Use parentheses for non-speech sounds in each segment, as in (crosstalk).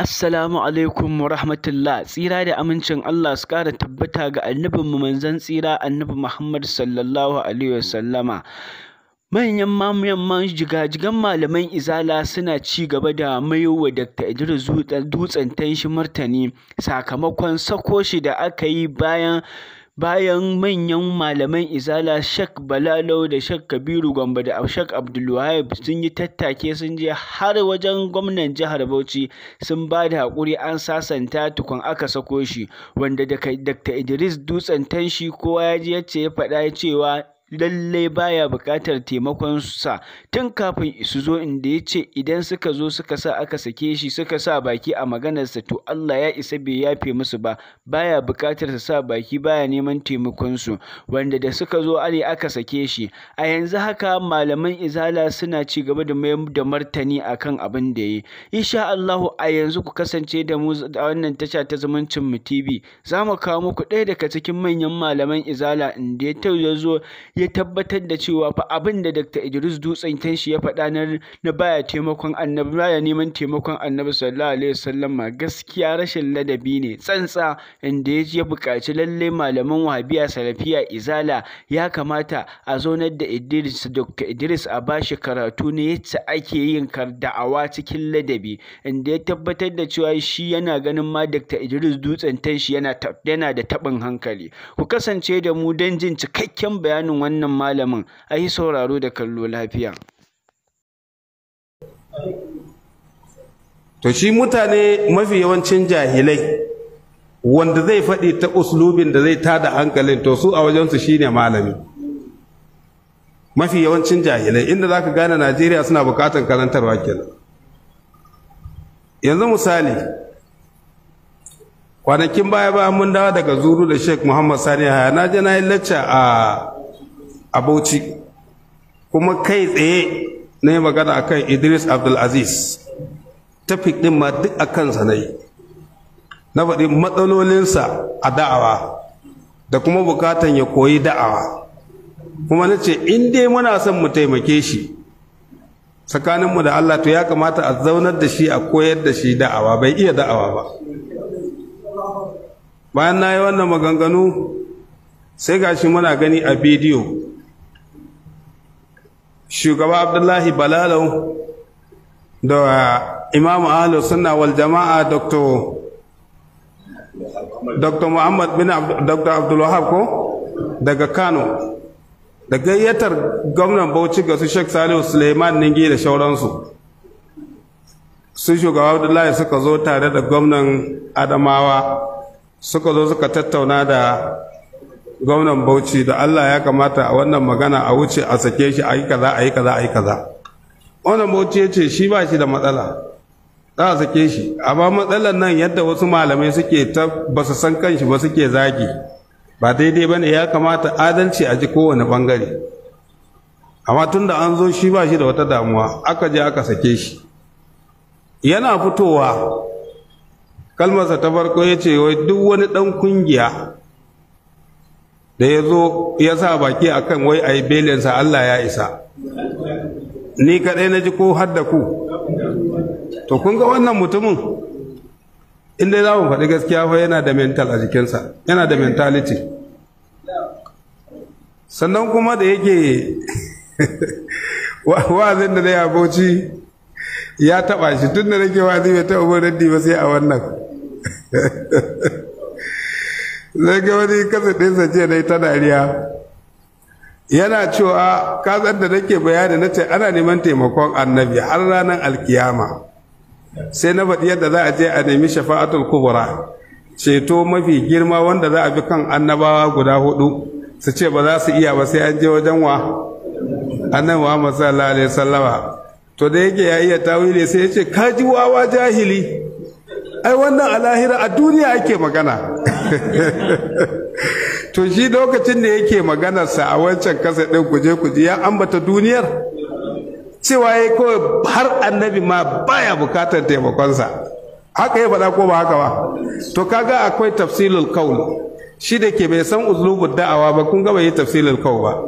Assalamu alaikum wa rahmatullah tsira da amincin Allah su kara tabbata ga mu manzon tsira annabi Muhammad sallallahu alaihi wasallama manyan mamuyan jigajigan malaman izala suna ci gaba da maiwa Dr. Idris dutsen tanshi martani sakamakon sako shi da aka yi bayan Bayan manyan malaman Izala Sheikh Balalau da Sheikh Kabiru Gombe da Sheikh Abdulwahab sun yi tattake sun je har wajen gwamnan jihar Bauchi sun ba da haƙuri an sasanta tukun aka sako shi, wanda Dr. Idris Dutsen Tanshi kowa ya ce ya faɗa cewa lallai baya buƙatar taimakon sa tun kafin su zo inda ya ce idan suka zo suka sa aka sake shi suka sa baki a maganarsa to Allah ya isa bai yafe musu ba baya buƙatar sa sa baki baya neman taimakon su wanda da suka zo ali aka sake shi a yanzu haka malaman izala suna ci gaba da mai da martani akan abin da ya yi insha Allah a yanzu ku kasance da mu a wannan tasha ta zumuncin mu TV zamu kawo muku ɗaya daga cikin manyan malaman izala inda ya zo ya tabbatar da cewa fa abin da Dr. Idris Dutsen Tanshi ya faɗa na, baya taimakon annabi baya neman taimakon annabi sallallahu alaihi wasallam ma gaskiya rashin ladabi ne tsantsa inda ya buƙaci lalle malaman wahabiya salafiya izala ya kamata a zonar da Idris Dr. Idris a bashi karatu ne yadda ake yin da'awa cikin ladabi inda ya tabbatar da cewa shi yana ganin ma Dr. Idris Dutsen Tanshi yana yana da taɓin hankali ku kasance da mu don jin cikakken bayanin wannan wannan malamin, a yi sauraro da kallo lafiya. To shi mutane mafi yawancin jahilai wanda zai faɗi ta uslubin da zai tada hankalin to su a wajensu shi ne malami. Mafi yawancin jahilai inda za ka gane Najeriya suna bukatar karantarwa kenan. Yanzu misali, kwanakin baya ba mun dawa daga zuru da Sheikh Muhammad Sani Haya na je na yi lacca a a Bauchi kuma kai tsaye na yi magana kan Idris Abdulaziz fi ɗin ma duk a kansa na na faɗi matsalolinsa a da'awa da kuma bukatan ya koyi da'awa kuma na ce in dai muna son mu taimake shi tsakaninmu da Allah to ya kamata a zaunar da shi a koyar da shi da'awa bai iya da'awa ba bayan na yi wannan maganganu sai gashi muna gani a bidiyo shugaba abdullahi balalau da imamu ahlu sunna wal jama'a dr dr muhammad bin dr abdulwahab ko daga kano da gayyatar gwamnan bauchi ga su sheikh salihu suleiman ningi da shauransu su shugaba abdullahi suka zo tare da gwamnan adamawa suka zo suka tattauna da gwamnan Bauchi da Allah ya kamata a wannan magana a wuce a sake shi a yi kaza a yi kaza a yi kaza wannan Bauchi ya ce shi ba shi da matsala za a sake shi amma matsalar nan yadda wasu malamai suke ta ba su san kanshi ba suke zagi ba daidai ba ne ya kamata adalci a ji kowane bangare amma tun da an zo shi ba shi da wata damuwa aka je aka sake shi yana fitowa kalmarsa ta farko ya ce wai duk wani ɗan kungiya da ya zo ya sa baki a kan wai a yi belinsa Allah ya isa ni kaɗai na ji ko har ku to kun ga wannan mutumin inda za mu faɗi gaskiya fa yana da mental a jikinsa yana da mentality sannan kuma da yake (laughs) wazin da zai aboci ya taɓa shi tun da nake wazi bai taɓa raddi ba sai a wannan (laughs) zai ga wani kasa ɗinsa ce dai ta dariya yana cewa katsar da nake bayani na ce ana neman taimakon annabi har ranar alkiyama sai na faɗi yadda za a je a nemi shafa'atul kubura ceto mafi girma wanda za a bi kan annabawa guda hudu su ce ba za su iya ba sai an je wajen wa annabi Muhammad sallallahu alaihi wasallama to da yake ya iya tawili sai ya ce kaji wawa jahili ai wannan a lahira a duniya ake magana (laughs) to shi lokacin da yake maganarsa a wancan kasa ɗin kuje kuje ya ambata duniyar cewa ya kawai har annabi ma baya bukatar taimakonsa haka ya faɗa ko ba haka ba to kaga akwai tafsilul kaul shi da ke bai san uslubud da'awa ba kun gaba yi tafsilul kaul ba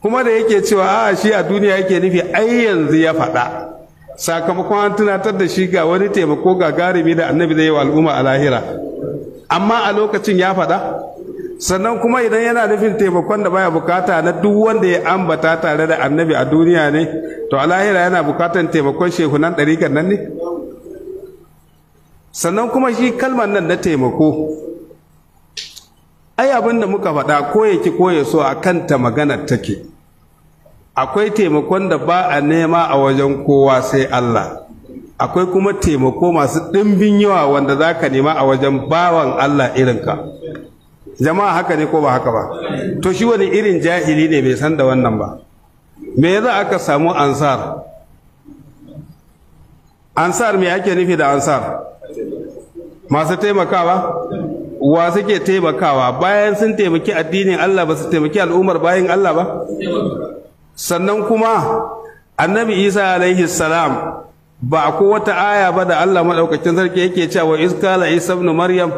kuma da yake cewa a shi a duniya yake nufi ai yanzu ya faɗa sakamakon an tunatar da shi ga wani taimako ga garibi da annabi da yi al'umma a lahira amma a lokacin ya faɗa sannan kuma idan yana nufin taimakon da baya bukata na duk wanda ya ambata tare da annabi a duniya ne to a lahira yana bukatan taimakon shehunan ɗarikan nan ne sannan kuma shi kalmar nan na taimako ai abin da muka faɗa ko yake ko ya so a kanta maganar take akwai taimakon da ba a nema a wajen kowa sai Allah akwai kuma taimako masu ɗimbin yawa wanda za ka nema a wajen bawan Allah irinka jama'a haka ne ko ba haka ba to shi wani irin jahili ne bai san da wannan ba me za aka samu ansar ansar me ake nufi da ansar masu taimakawa wa suke taimakawa bayan sun taimaki addinin Allah ba su taimaki al'ummar bayan Allah ba sannan kuma annabi isa alaihi salam ba ko wata aya ba da Allah maɗaukacin sarki yake cewa wa kala isa ibn maryam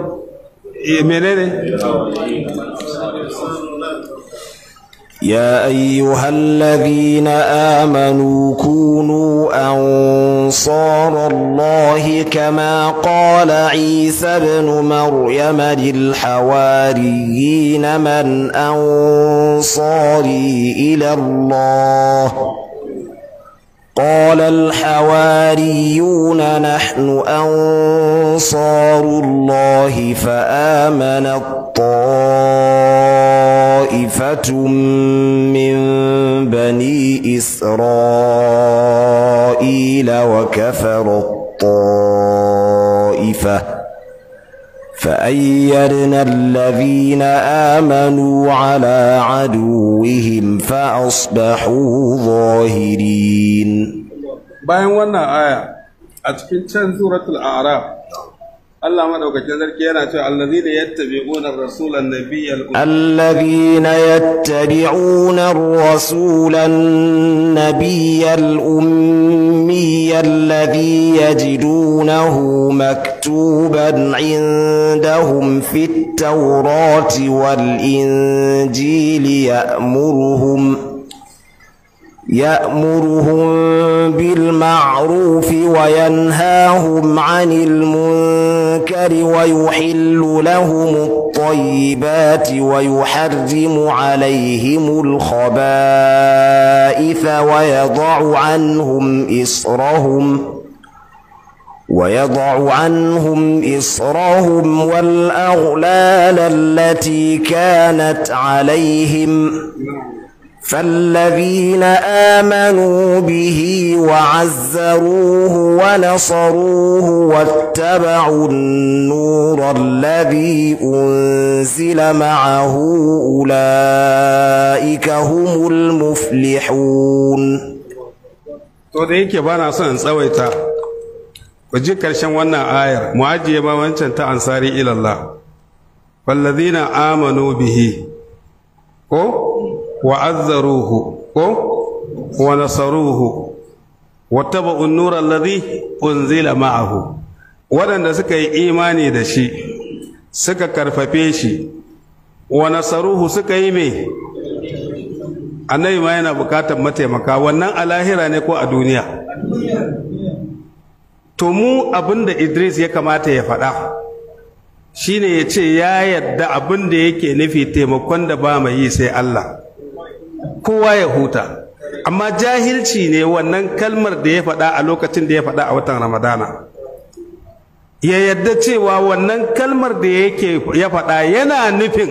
eh, menene يا ايها الذين امنوا كونوا انصار الله كما قال عيسى بن مريم للحواريين من انصاري الى الله قال الحواريون نحن أنصار الله فآمن الطائفة من بني إسرائيل وكفر الطائفة فأيدنا الذين آمنوا على عدوهم فأصبحوا ظاهرين باين وانا آية أتكين سورة الأعراف الله مدوكتين ذلكينا الذين يتبعون الرسول النبي الذين يتبعون الرسول النبي الأمي الذي يجدونه مكتوبا عندهم في التوراة والإنجيل يأمرهم يأمرهم بالمعروف وينهاهم عن المنكر ويحل لهم الطيبات ويحرم عليهم الخبائث ويضع عنهم إصرهم ويضع عنهم إصرهم والأغلال التي كانت عليهم فالذين آمنوا به وعزروه ونصروه واتبعوا النور الذي أنزل معه أولئك هم المفلحون تودين كبانا سنة سويتا وجيك الشم وانا آير معجي ما وانشنت أنصاري إلى الله فالذين آمنوا به أو wa ko wa nasaruhu wa tabu'un nura alladhi unzila ma'ahu waɗanda suka yi imani da shi suka karfafe shi wa nasaruhu suka yi me annabi ma yana bukatar mataimaka wannan a lahira ne ko a duniya to mu abinda Idris ya kamata ya faɗa shine ya ce ya yarda abin da yake nufi taimakon da ba mai yi sai Allah kowa ya huta amma jahilci ne wannan kalmar da ya faɗa a lokacin da ya faɗa a watan ramadana ya yadda cewa wannan kalmar da yake ya faɗa yana nufin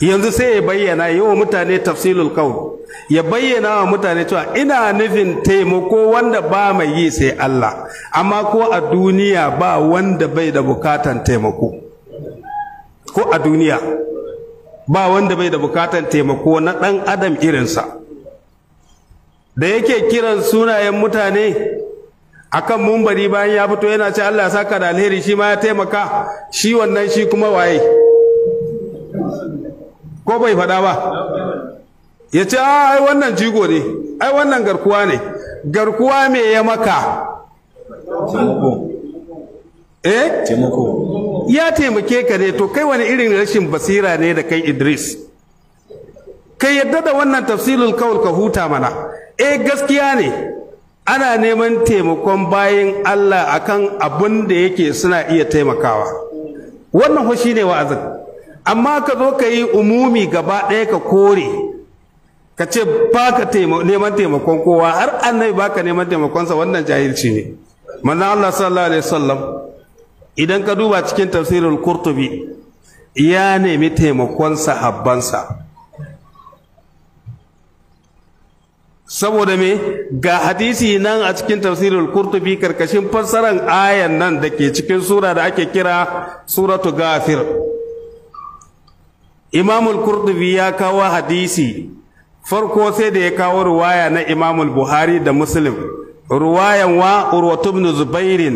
yanzu sai ya bayyana yi wa mutane tafsilul qaul ya bayyana wa mutane cewa ina nufin taimako wanda ba mai yi sai Allah amma ko a duniya ba wanda bai da bukatan taimako ko a duniya ba wanda bai da bukatan taimako na ɗan adam irinsa da yake kiran sunayen mutane akan mumbari bayan ya fito yana ce Allah ya saka da alheri shi ma ya taimaka shi wannan shi kuma waye ko bai faɗa ba ya ce ah, ai wannan jigo ne ai wannan garkuwa ne garkuwa me ya maka eh taimako ya taimake ka ne to kai wani irin rashin basira ne da kai Idris kai yadda da wannan tafsilul kawul ka huta mana eh gaskiya ne ana neman taimakon bayan Allah akan abin da yake suna iya taimakawa wannan hushi ne wa'azin amma ka zo ka yi umumi gaba ɗaya ka kore ka ce ba ka neman taimakon kowa har annabi ba ka neman taimakonsa wannan jahilci ne mana Allah sallallahu alaihi wasallam idan ka duba cikin tafsirin kurtubi ya nemi taimakon sahabbansa saboda me ga hadisi nan a cikin tafsirin kurtubi karkashin fassarar ayan nan da ke cikin sura da ake kira suratu gafir imamul kurtubi ya kawo hadisi farko sai da ya kawo ruwaya na imamul buhari da muslim ruwayan wa urwatu ibn zubairin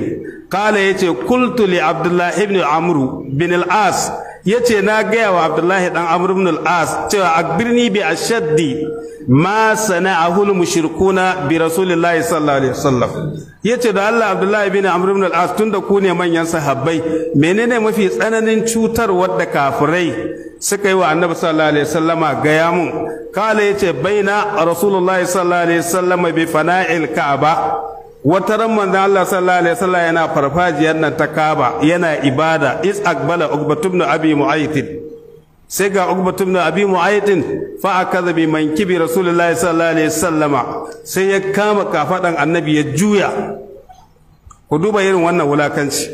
kala yace qultu li abdullah ibn amr bin al-as yace na gaya wa abdullahi dan amr ibn al-as cewa a bi ashaddi ma sana'ahu al-mushrikuna bi rasulillahi sallallahu alaihi wasallam yace da Allah abdullahi ibn amr ibn al-as tunda ku ne manyan sahabbai menene mafi tsananin cutar wadda kafurai suka yi wa annabi sallallahu alaihi wasallama gaya mun kala yace baina rasulullahi sallallahu alaihi wasallama bi fana'il wata ran manzon Allah sallallahu alaihi wasallam yana farfajiyar nan ta Kaaba, yana ibada is aqbala Uqbatu ibn Abi Mu'ayth sai ga Uqbatu ibn Abi Mu'ayth fa akaza bi mankibi Rasulullahi sallallahu alaihi wasallama sai ya kama kafadan Annabi ya juya ku duba irin wannan wulakanci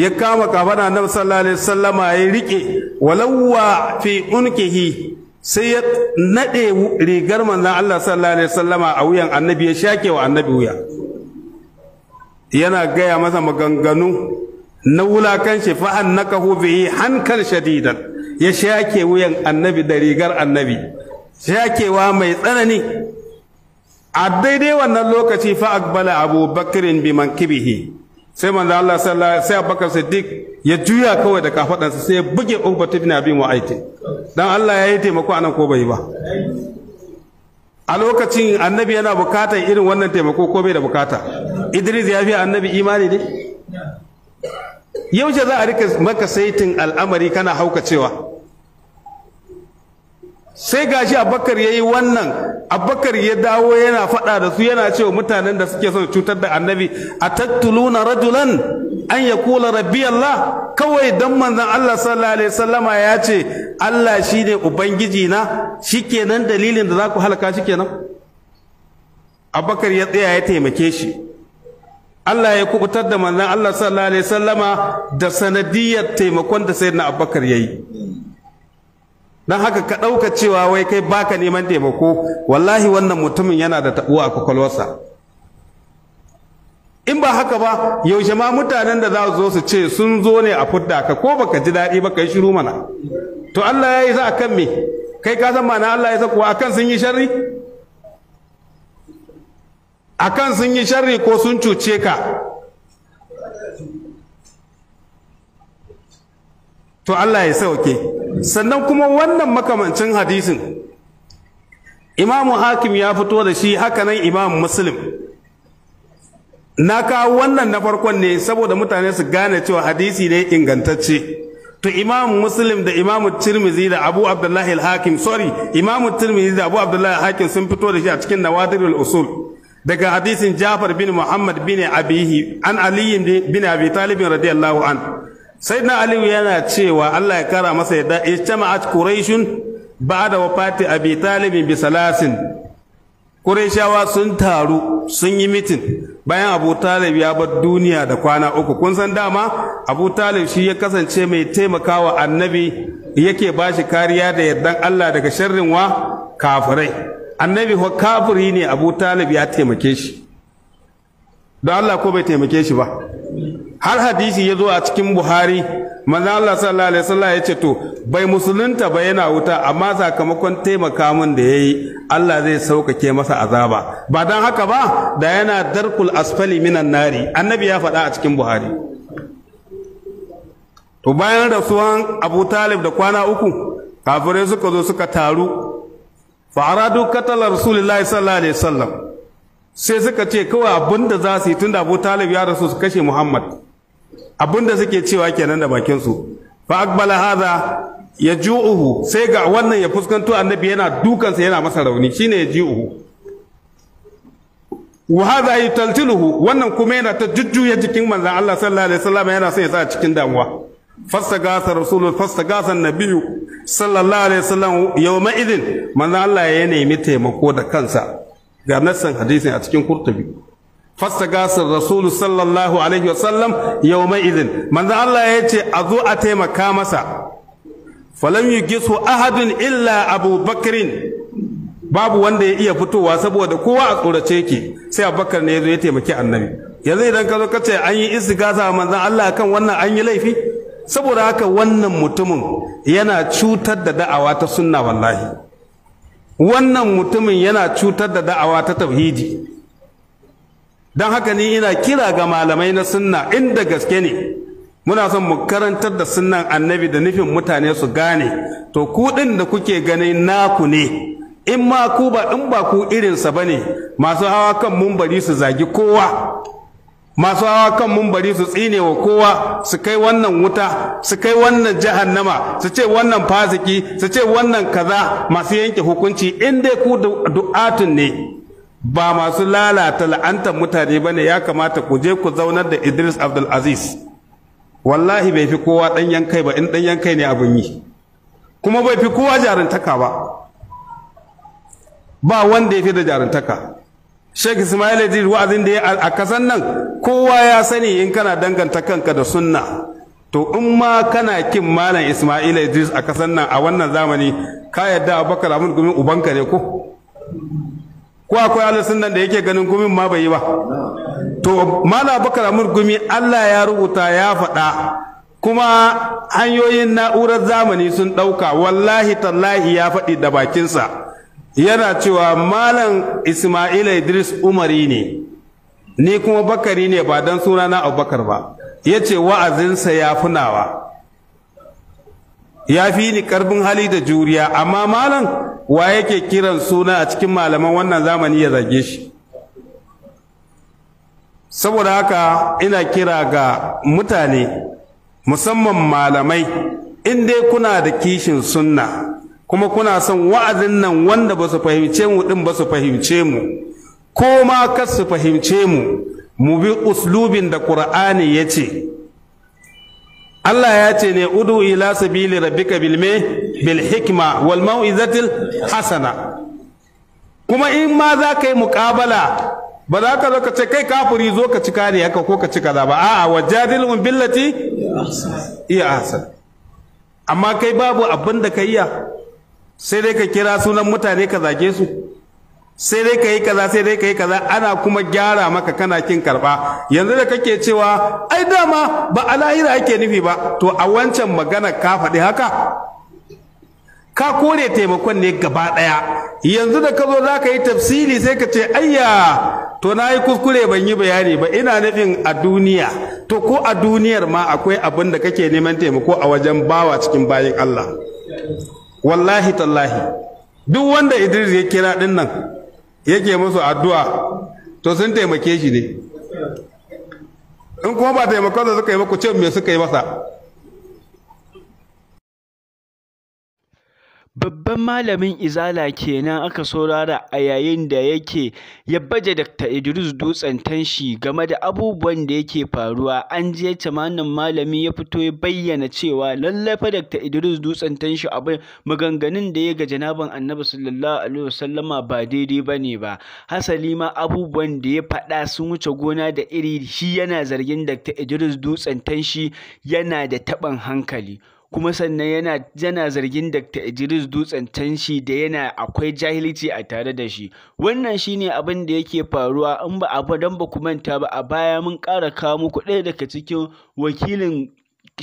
ya kama kafadan Annabi sallallahu alaihi wasallama ya rike walawwa fi unkihi sai ya nade rigar manzo Allah sallallahu alaihi wasallama a wuyan Annabi ya shake wa Annabi wuya yana gaya masa maganganu na shi fa'an na kahu bihi hankal shadidan ya shake wuyan annabi da rigar annabi shakewa mai tsanani a daidai wannan lokaci fa bala abu bakirin bi kibihi sai manzo Allah sallallahu sai Abubakar Siddiq ya juya kawai da kafadansa sai ya buge Ubatu bin Abi Mu'ayt dan Allah ya yi taimako anan ko bai ba a lokacin annabi yana bukatar irin wannan taimako ko bai da bukata idris ya fi annabi imani ne yaushe za a rika maka saitin al'amari kana haukacewa sai gashi Abakar ya yi wannan Abakar ya dawo yana faɗa da su yana cewa mutanen da suke son cutar da annabi a tattuluna rajulan an ya kula rabbi Allah kawai dan manzon Allah sallallahu alaihi wasallama ya ce Allah shine ubangiji na shikenan dalilin da za ku halaka shikenan Abubakar ya tsaya ya taimake shi Allah ya kubutar da manzon Allah sallallahu alaihi wasallama da sanadiyar taimakon da sayyidina Abubakar yayi dan haka ka dauka cewa wai kai baka neman taimako wallahi wannan mutumin yana da tabuwa a kwakwalwarsa in ba haka ba yaushe ma mutanen da za su zo su ce sun zo ne a fudda ka ko baka ji daɗi ba kai shiru mana to Allah ya yi sa kan me kai ka san mana Allah ya sa kuwa akan sun yi sharri akan sun yi sharri ko sun cuce ka to Allah ya sauke sannan kuma wannan makamancin hadisin imamu hakim ya fito da shi haka nan imamu muslim na kawo wannan na farkon ne saboda mutane su gane cewa hadisi ne ingantacce to imam muslim da imam tirmizi da abu abdullahi al-hakim sorry imam tirmizi da abu abdullahi al-hakim sun fito da shi a cikin nawadirul usul daga hadisin jafar bin muhammad bin abihi an ali bin abi talib radiyallahu an sayyidina ali yana cewa Allah ya kara masa yadda ijtama'at quraishun ba'da wafati abi talib bi salasin Kureshawa sun taru sun yi mitin bayan Abu Talib ya bar duniya da kwana uku kun san dama Abu Talib shi ya kasance mai taimakawa annabi yake shi kariya da yardan Allah daga sharrin wa kafirai annabi wa kafiri ne Abu Talib ya taimake shi don Allah ko bai taimake shi ba har hadisi ya zo a cikin buhari manzo Allah sallallahu alaihi wasallam ya ce to bai musulunta ba yana wuta amma sakamakon taimaka min da yayi Allah zai saukake masa azaba ba dan haka ba da yana darkul asfali minan nari annabi ya faɗa a cikin buhari to bayan rasuwan Abu Talib da kwana uku kafirai suka zo suka taru fa aradu qatala rasulullahi sallallahu alaihi wasallam sai suka ce kawai abinda za su yi tunda Abu Talib ya rasu su kashe Muhammad abinda suke cewa kenan da bakin su fa aqbala hadha yaju'uhu sai ga wannan ya fuskanto annabi yana dukansa yana masa rauni shine yaju'uhu wa hadha yataltiluhu wannan kuma yana ta jujjuya jikin manzon Allah sallallahu alaihi wasallam yana son ya sa cikin damuwa fastagasa rasulul fastagasa nabiyyu sallallahu alaihi wasallam yawma idin manzon Allah ya nemi taimako da kansa ga nassan hadisin a cikin kurtubi gasar rasulu sallallahu alaihi wasallam yawma idin manzo Allah ya ce a zo a taimaka masa falam yugisu ahadun illa Abu Bakrin babu wanda ya iya fitowa saboda kowa a tsorace yake sai Abubakar ne ya zo ya taimaki annabi yanzu idan ka zo ka ce an yi istigasa manzon Allah kan wannan an yi laifi saboda haka wannan mutumin yana cutar da da'awa ta sunna wallahi wannan mutumin yana cutar da da'awa ta tauhidi don haka ni ina kira ga malamai na sunna inda gaske ne muna son mu karantar da sunnan annabi da nufin mutane su gane to ku din da kuke ganin naku ne in ma ku ba in ba ku irinsa ba ne masu hawa kan mumbari su zagi kowa masu hawa kan mumbari su tsine wa kowa su kai wannan wuta su kai wannan jahannama su ce wannan fasiki su ce wannan kaza masu yanke hukunci in dai ku du'atun ne ba masu lalata la'antar mutane ba ne ya kamata ku je ku zaunar da Idris Abdulaziz wallahi bai fi kowa ɗan yankai ba in ɗan yankai ne abin yi kuma bai fi kowa jarantaka ba ba wanda ya fi da jarantaka Sheikh Ismail Idris wa'azin da ya a kasan nan kowa ya sani in kana danganta kanka da sunna to in ma kana kin malam Ismail Idris a kasan nan a wannan zamani ka yadda Abubakar Ahmad gumin ubanka ne ko ko akwai alisun nan da yake ganin gumin ma bai yi ba to mala bakar amur gumi allah ya rubuta ya faɗa kuma hanyoyin na'urar zamani sun ɗauka wallahi tallahi ya faɗi da bakinsa yana cewa malam ismaila idris umari ne ni kuma bakari ne ba don sunana abubakar ba ya ce wa'azinsa ya funawa ya fi ni karfin hali da juriya amma malam wa yake kiran suna a cikin malaman wannan zamani ya zage shi saboda haka ina kira ga mutane musamman malamai in dai kuna da kishin sunna kuma kuna son wa'azin nan wanda ba su fahimce mu ɗin ba su fahimce mu ko ma kar su fahimce mu mu bi uslubin da ƙur'ani ya ce Allah ya ce ne udu ila sabili rabbika bil me bil hikma wal mau'izatil hasana kuma in ma za ka yi muƙabala ba za ka zo ka ce kai kafuri zo ka cika ne haka ko ka cika za ba a'a wajadilhum billati iya hasan amma kai babu abinda da ka iya sai dai ka kira sunan mutane ka zage su sai dai ka yi kaza sai dai ka yi kaza ana kuma gyara maka kana kin karba. yanzu da kake cewa ai dama ba a lahira ake nufi ba to a wancan magana ka faɗi haka ka kore taimakon ne gaba ɗaya yanzu da ka zo za ka yi tafsiri sai ka ce ayya to na yi kuskure ban yi bayani ba ina nufin a duniya to ko a duniyar ma akwai abin da kake neman taimako a wajen bawa cikin bayan Allah wallahi tallahi duk wanda Idris ya kira ɗin nan yake musu addu'a to sun taimake shi ne in kuma ba taimakon da suka yi muku ku me suka yi masa Babban malamin Izala kenan aka saurara a yayin da ya baje Dakta Idris Dutsen tanshi game da abubuwan da yake faruwa, an ji ce wannan malami ya fito ya bayyana cewa lallai fa Dakta Idris Dutsen tanshi abin maganganun da ya ga Janaban Annabi Sallallahu Alaihi Wasallama ba daidai ba ba. Hasali ma abubuwan da ya faɗa sun wuce gona da iri shi yana zargin Dakta Idris Dutsen tanshi yana da taɓin hankali. kuma sannan yana yana zargin Dr. Idris Dutsen Tanshi da yana akwai jahilci a tare da shi wannan shine abin da yake faruwa in ba a dan ba ku manta ba a baya mun ƙara kawo muku ɗaya daga cikin wakilin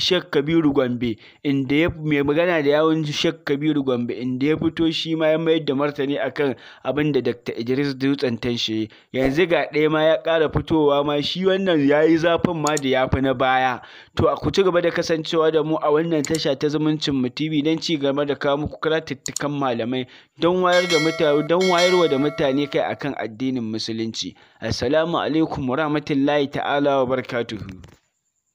Sheikh Kabiru Gombe inda ya mai magana da yawun Sheikh Kabiru Gombe inda ya fito shi ma ya mayar da martani akan abin da Dr. Idris Dutsen tanshe yanzu ga ɗaya ma ya ƙara fitowa ma shi wannan yayi zafin ma da yafi na baya to a ku ci gaba da kasancewa da mu a wannan tasha ta zumuncin mu TV don ci gaba da kawo muku karatuttukan malamai don wayar da mutane don wayarwa da mutane kai akan addinin musulunci assalamu alaikum warahmatullahi ta'ala wa barakatuhu